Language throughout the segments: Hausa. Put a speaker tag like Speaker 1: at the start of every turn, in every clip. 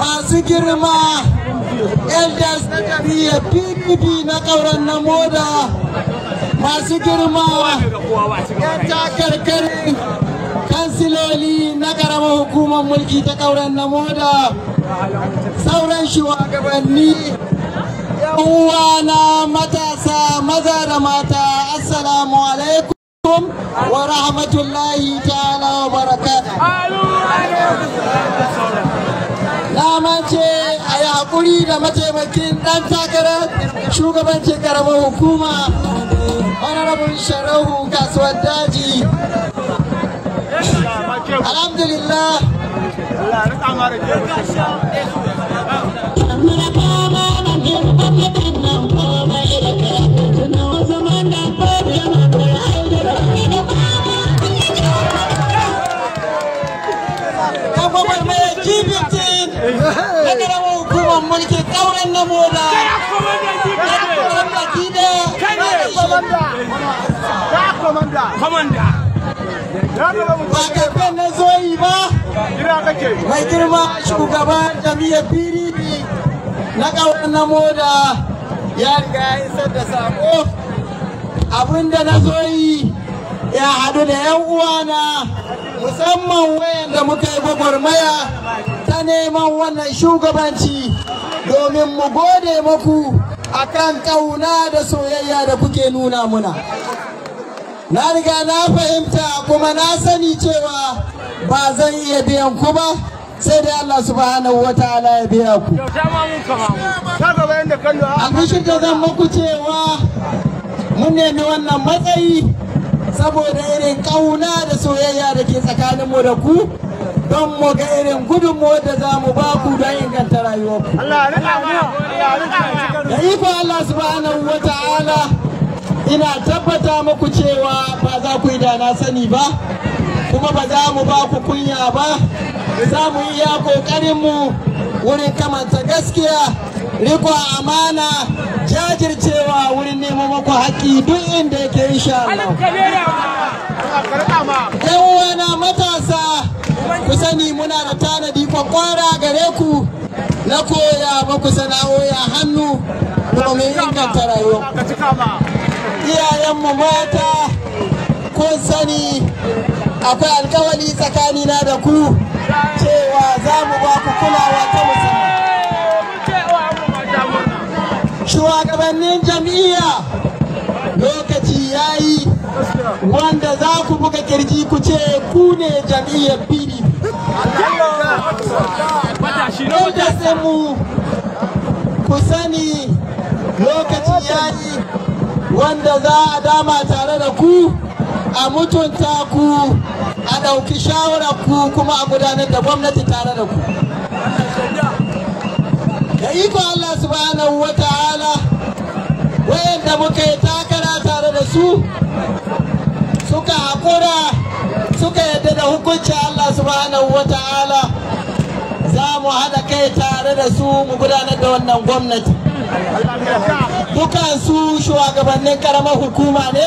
Speaker 1: masu girma elders suke biyu na kauran na moda masu girma yan takarkarin kansiloli na karamar hukumar mulki ta kauran na moda sauran shugabanni uwa na matasa maza da mata assalamu alaikum wa rahmatullahi ta'ala wa barakatuh dama ce a yi haƙuri da mataimakin ɗan takarar shugabancin karamar hukuma honorable sharahu kasuwar daji alhamdulillah ke kauran na moda ya komanda na zoyi ba mai girma shugaban jami'ar pdp na kauran na moda ya riga ya isar da sako abinda na zoyi ya haɗu da 'yan uwana musamman wayan da muka yi gwagwarmaya ta neman wannan shugabanci domin mu gode maku akan ƙauna da soyayya da kuke nuna muna na riga na fahimta kuma na sani cewa ba zan iya biyan ku ba sai dai Allah subhanahu wa ta'ala ya biya ku A kushin da zan maku cewa mun nemi wannan matsayi saboda irin ƙauna da soyayya da ke tsakaninmu da ku don mu ga irin mu da za mu ba ku don inganta rayuwarku. Da iko Allah subhanahu wa ta'ala ina tabbata muku cewa ba za ku yi da na sani ba kuma ba za mu ba ku kunya ba za mu yi ya mu wurin kamanta gaskiya riko amana jajircewa wurin neman muku haƙƙi duk inda yake insha Allah. Yan matasa ku sani muna da tanadi kwakwara gare ku na koya maku sana'o'i ya hannu domin inganta rayuwa iyayenmu mata kun sani akwai alkawali tsakanina da ku cewa za mu ba ku kulawa ta musamman shugabannin jam'iyya lokaci ya yi wanda za ku buga kirji ku ce ku ne jam'iyyar pdp mu ku sani lokaci yayi wanda za a dama tare da ku a mutunta ku a ɗauki shawarar ku kuma a gudanar da gwamnati tare da ku da iko Allah subhanahu wa ta'ala wayanda muka yi takara tare da su haƙura suka yadda da hukuncin Allah subhanahu wa ta'ala za mu haɗa kai tare da su mu gudanar da wannan gwamnati dukansu shugabannin karamar hukuma ne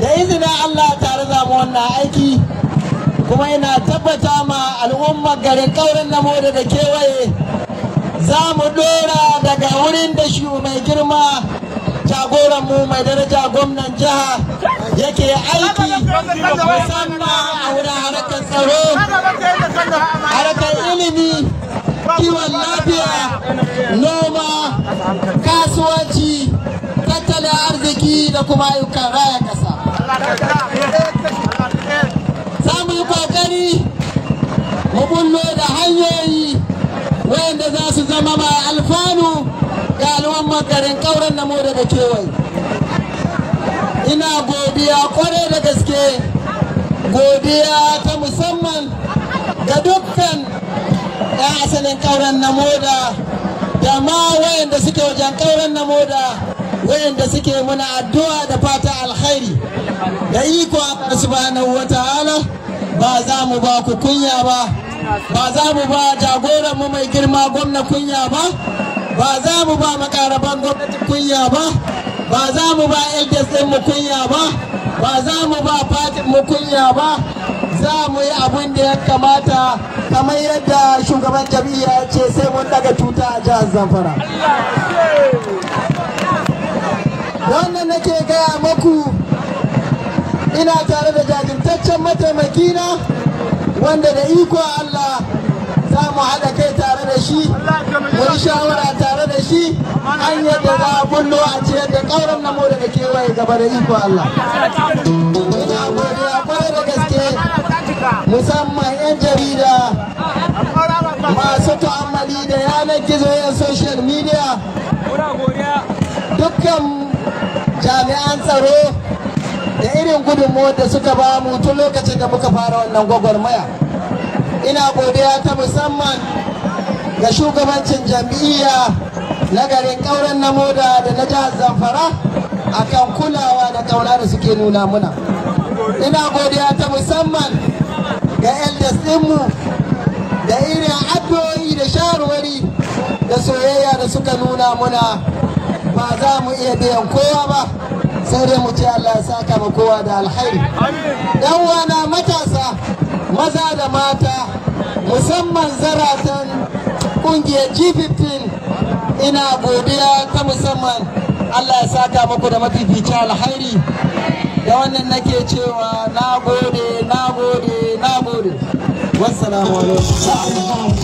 Speaker 1: da izinin Allah tare za mu wannan aiki kuma ina tabbata ma al'ummar garin kaurin na moda da kewaye za mu dora daga wurin da shi mai girma jagoranmu mai daraja gwamnan jiha yake aiki musamman a wurin harkar tsaro harkar ilimi kiwon lafiya noma kasuwanci tattalin arziki da kuma ayyukan raya ƙasa za mu yi ƙoƙari mu bullo da hanyoyi wayanda za su zama mai alfanu da al'umman garin kauran namo daga kewaye ina godiya kware da gaske godiya ta musamman ga dukkan ya asalin kauran namo da da ma wayanda suke wajen kauran namo da wayanda suke muna addu'a da fata alkhairi da iko Allah subhanahu wataala ba za mu ba ku kunya ba ba za mu ba jagoran mu mai girma gwamna kunya ba ba za mu ba makaraban gwamnati kunya ba ba za mu ba elders ɗin mu kunya ba ba za mu ba fatin mu kunya ba za mu yi abin da ya kamata kamar yadda shugaban jami'a ya ce sai mun daga tuta a jihar zamfara wannan nake gaya maku ina tare da jajirtaccen mataimakina wanda da iko Allah za mu haɗa kai tare da shi mun shawara kan yadda za a bullo a ciyar da ƙauran namo daga kewaye gaba da iko Allah. Muna godiya kwarai da gaske musamman 'yan jarida masu ta'ammali da yanar gizo ya social media dukkan jami'an tsaro da irin gudunmuwar da suka ba mu tun lokacin da muka fara wannan gwagwarmaya. Ina godiya ta musamman ga shugabancin jam'iyya na garin ƙauren na moda da na jihar zamfara akan kulawa da ƙauna da suke nuna muna ina godiya ta musamman ga elders ɗinmu da irin addu'o'i da shawarwari da soyayya da suka nuna muna ba za mu iya biyan kowa ba sai dai mu ce Allah ya saka mu kowa da alkhairi yan wana matasa maza da mata musamman zaratan kungiyar G15 ina godiya ta musamman Allah ya saka muku da mafificin alhairi da wannan nake cewa na gode na gode na gode wassalamu alaikum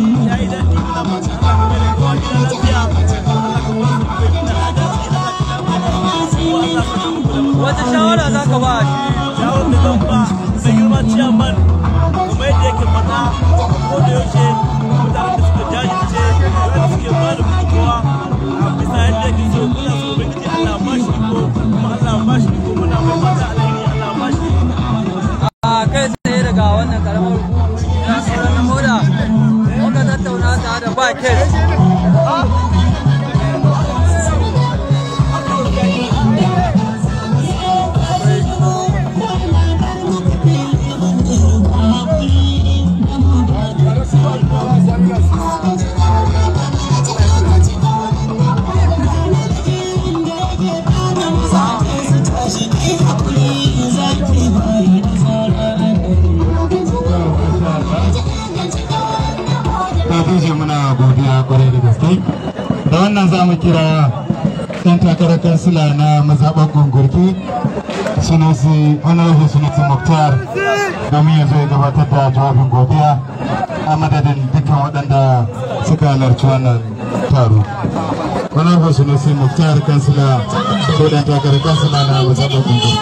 Speaker 1: Escobar, ya o n d e toma, señor m a c h i a m a n da wannan za mu kira ɗan takarar kansila na mazaɓar gungurki sunusi honorable sunusi muktar domin ya zo ya gabatar da jawabin godiya a madadin dukkan waɗanda suka halarci wannan taro honorable sunusi muktar kansila ko ɗan takarar kansila na mazaɓar gungurki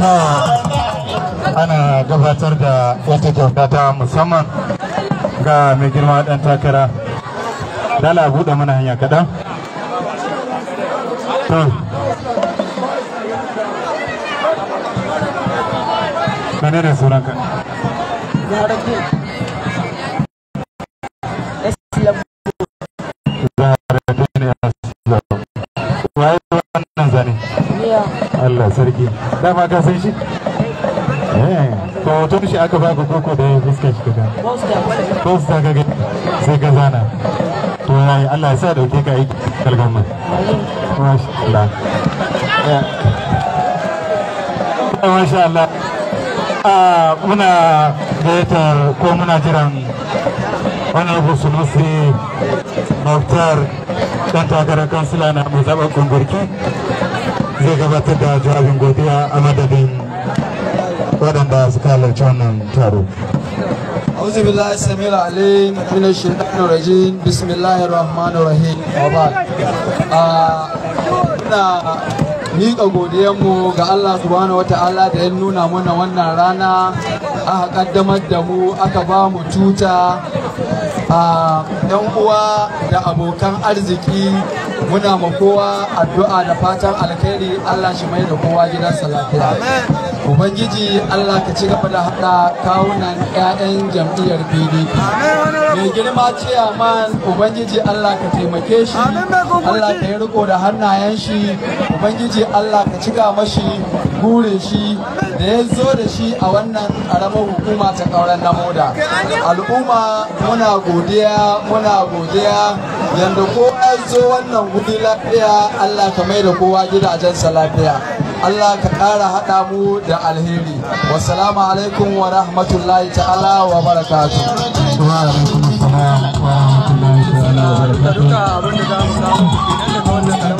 Speaker 1: ana ana gabatar da wata kyauta ta musamman ga mai girma dan takara dala buɗe mana hanya kaɗan da ke. sarki dama ka san shi eh, to tun shi aka baka koko da ya fuskar shi kaga posta kaga sai ka zana to yayi Allah ya sa dauke ka aiki kalgan mai masha Allah eh. eh, masha Allah a ah, muna gayyatar ko muna jiran wani abu su nufi Muktar dan takarar kansila na mai zaɓar kungurki zai gabatar da jawabin godiya a madadin waɗanda suka halarci wannan taro.
Speaker 2: أعوذ بالله السميع العليم من الشيطان الرجيم بسم Rahmanu, الرحمن الرحيم وبعد ina miƙa godiyanmu ga Allah subhanahu wata'ala da ya nuna mana wannan rana aka kaddamar da mu aka ba mu tuta a ah, uwa da abokan arziki muna ma kowa addu'a da fatan alkhairi Allah shi mai da kowa gidansa lafiya ubangiji Allah ka ci gaba da hada kawunan ƴaƴan jam'iyyar PDP mai girma man ubangiji Allah ka taimake shi Allah ka yi riko da hannayen shi ubangiji Allah ka ciga mashi burin shi da ya zo da shi a wannan ƙaramar hukuma ta ƙauren na moda al'umma muna godiya muna godiya yadda kowa zo wannan wuri lafiya allah ka mai da kowa gidajensa lafiya Allah ka ƙara haɗa mu da alheri. Wassalamu alaikum wa rahmatullahi ta'ala wa alaikum wa rahmatullahi ta'ala wa barakatu.